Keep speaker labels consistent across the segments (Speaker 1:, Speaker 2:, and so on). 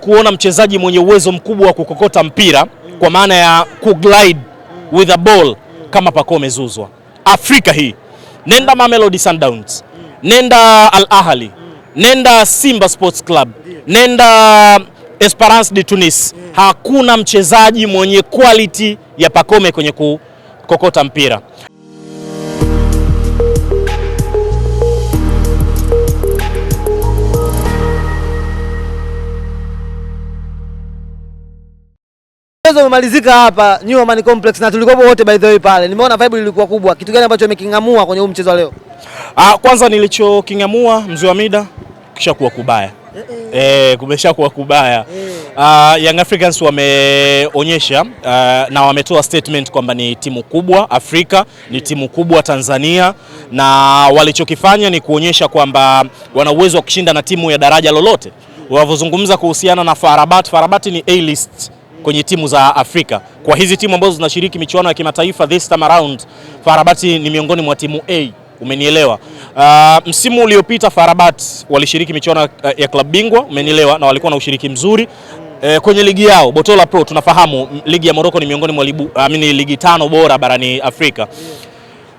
Speaker 1: Kuona mchezaji mwenye uwezo mkubwa wa kukokota mpira kwa maana ya kuglide with a ball kama Pacome Zuzwa. Afrika hii nenda Mamelodi Sundowns, nenda Al Ahli, nenda Simba Sports Club, nenda eh, Esperance de Tunis, hakuna mchezaji mwenye quality ya Pacome kwenye kukokota mpira.
Speaker 2: mchezo umemalizika hapa New Amani Complex na tulikuwa wote by the way pale. Nimeona vibe ilikuwa kubwa. Kitu gani ambacho umeking'amua kwenye huu mchezo leo?
Speaker 3: Ah, kwanza nilichoking'amua mzee wa mida kisha kuwa kubaya. Eh, eh. E, kumesha kuwa kubaya. Eh. Ah, Young Africans wameonyesha uh, na wametoa statement kwamba ni timu kubwa Afrika, ni timu kubwa Tanzania na walichokifanya ni kuonyesha kwamba wana uwezo wa kushinda na timu ya daraja lolote. Wanavyozungumza kuhusiana na Farabat, Farabat ni A-list kwenye timu za Afrika. Kwa hizi timu ambazo zinashiriki michuano ya kimataifa this time around, Farabati ni miongoni mwa timu A, umenielewa? Uh, msimu uliopita Farabat walishiriki michuano eh, ya klabu bingwa, umenielewa, na walikuwa na ushiriki mzuri E, kwenye ligi yao Botola Pro tunafahamu ligi ya Morocco ni miongoni mwa ligi tano bora barani Afrika.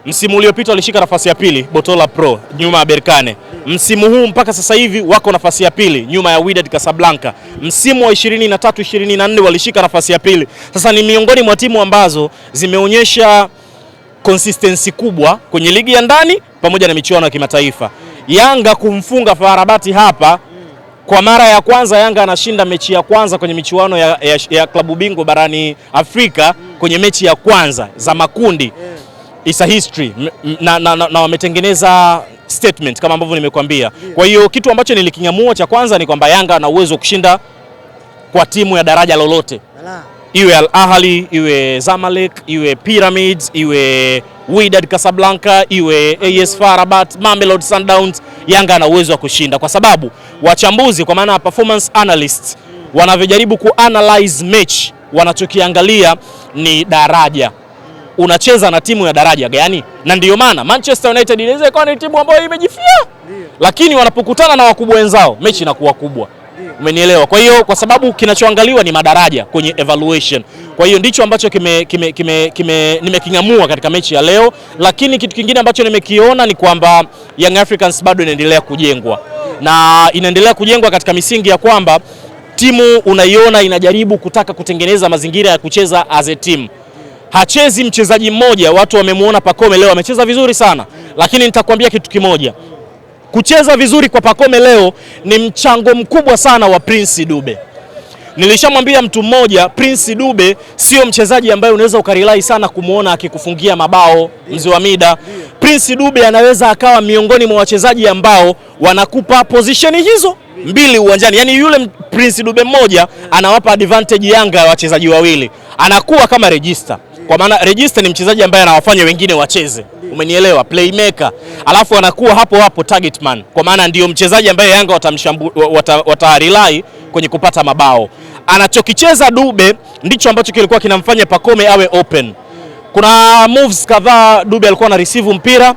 Speaker 3: Msimu uliopita walishika nafasi ya pili Botola Pro nyuma ya Berkane. Msimu huu mpaka sasa hivi wako nafasi ya pili nyuma ya Wydad Casablanca. Msimu wa 23 24 walishika nafasi ya pili. Sasa ni miongoni mwa timu ambazo zimeonyesha consistency kubwa kwenye ligi ya ndani pamoja na michuano ya kimataifa. Yanga kumfunga Farabati hapa kwa mara ya kwanza Yanga anashinda mechi ya kwanza kwenye michuano ya, ya, ya klabu bingwa barani Afrika kwenye mechi ya kwanza za makundi It's a history na, na, na, na wametengeneza statement kama ambavyo nimekwambia. Kwa hiyo kitu ambacho niliking'amua cha kwanza ni kwamba Yanga ana uwezo wa kushinda kwa timu ya daraja lolote, iwe Al Ahli, iwe Zamalek, iwe Pyramids, iwe Wydad Casablanca, iwe AS FAR Rabat, Mamelodi Sundowns. Yanga ana uwezo wa kushinda kwa sababu wachambuzi, kwa maana performance analysts, wanavyojaribu kuanalyze match wanachokiangalia ni daraja unacheza na timu ya daraja gani? Na ndiyo maana Manchester United inaweza ikawa ni timu ambayo imejifia, lakini wanapokutana na wakubwa wenzao mechi inakuwa kubwa. Umenielewa? Kwa hiyo kwa sababu kinachoangaliwa ni madaraja kwenye evaluation. Kwa hiyo ndicho ambacho kime, kime, kime, kime, nimeking'amua katika mechi ya leo, lakini kitu kingine ambacho nimekiona ni kwamba Young Africans bado inaendelea kujengwa na inaendelea kujengwa katika misingi ya kwamba timu unaiona inajaribu kutaka kutengeneza mazingira ya kucheza as a team hachezi mchezaji mmoja. Watu wamemuona Pakome leo amecheza vizuri sana, lakini nitakwambia kitu kimoja, kucheza vizuri kwa pakome leo ni mchango mkubwa sana wa Prince Dube. Nilishamwambia mtu mmoja, Prince Dube sio mchezaji ambaye unaweza ukarilai sana kumwona akikufungia mabao mzee wa mida. Prince Dube anaweza akawa miongoni mwa wachezaji ambao wanakupa position hizo mbili uwanjani, yaani yule Prince Dube mmoja anawapa advantage Yanga ya wachezaji wawili, anakuwa kama register. Kwa maana register ni mchezaji ambaye anawafanya wengine wacheze, umenielewa, playmaker, alafu anakuwa hapo hapo target man, kwa maana ndio mchezaji ambaye Yanga watamshambu wata, kwenye kupata mabao. Anachokicheza Dube ndicho ambacho kilikuwa kinamfanya Pacome awe open. Kuna moves kadhaa Dube alikuwa ana receive mpira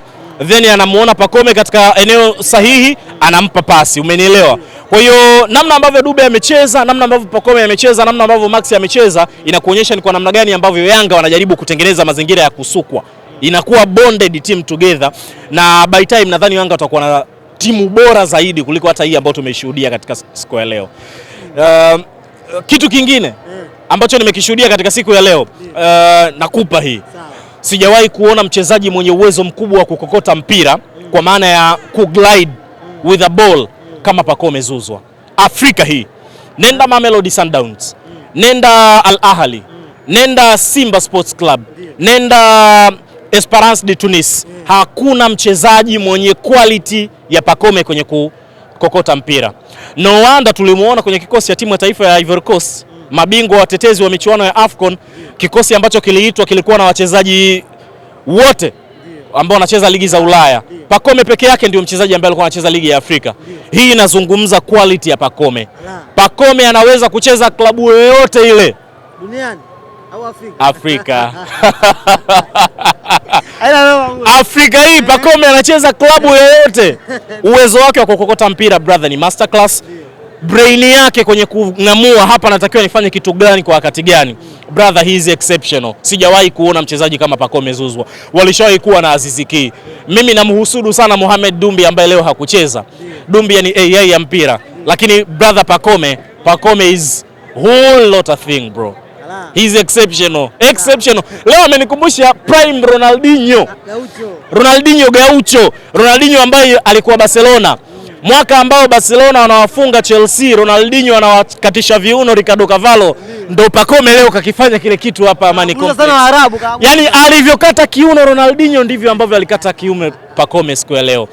Speaker 3: then anamuona Pacome katika eneo sahihi, anampa pasi, umenielewa? Kwa hiyo namna ambavyo Dube amecheza, namna ambavyo Pacome amecheza, namna ambavyo Max amecheza inakuonyesha ni kwa namna gani ambavyo Yanga wanajaribu kutengeneza mazingira ya kusukwa, inakuwa bonded team together, na by time nadhani Yanga watakuwa na timu bora zaidi kuliko hata hii ambayo tumeishuhudia katika siku ya leo. Uh, kitu kingine ambacho nimekishuhudia katika siku ya leo uh, nakupa hii Sijawahi kuona mchezaji mwenye uwezo mkubwa wa kukokota mpira kwa maana ya kuglide with a ball kama Pacome Zuzwa. Afrika hii, nenda Mamelodi Sundowns, nenda Al Ahli, nenda Simba Sports Club, nenda Esperance de Tunis, hakuna mchezaji mwenye quality ya Pacome kwenye kukokota mpira. No wonder tulimuona kwenye kikosi cha timu ya taifa ya Ivory Coast mabingwa watetezi wa michuano ya Afcon, kikosi ambacho kiliitwa kilikuwa na wachezaji wote ambao wanacheza ligi za Ulaya. pakome peke yake ndio mchezaji ambaye alikuwa anacheza ligi ya Afrika. Hii inazungumza quality ya pakome pakome anaweza kucheza klabu yoyote ile duniani au Afrika. Afrika. Afrika hii pakome anacheza klabu yoyote. Uwezo wake wa kukokota mpira brother ni masterclass brain yake kwenye kung'amua hapa natakiwa nifanye kitu gani kwa wakati gani. Brother, he is exceptional. Sijawahi kuona mchezaji kama Pacome Zuzwa. Walishawahi kuwa na Aziz Ki. Mimi namhusudu sana Mohamed Dumbi ambaye leo hakucheza. Dumbi ni AI eh, ya mpira, lakini brother Pacome, Pacome is whole lot of thing bro. is exceptional. Exceptional. Leo amenikumbusha prime Ronaldinho. Ronaldinho Gaucho. Ronaldinho ambaye alikuwa Barcelona mwaka ambao Barcelona wanawafunga Chelsea, Ronaldinho anawakatisha viuno Ricardo Cavallo, ndo Pacome leo kakifanya kile kitu hapa Amani Complex. Yani alivyokata kiuno Ronaldinho ndivyo ambavyo alikata kiume Pacome siku ya leo.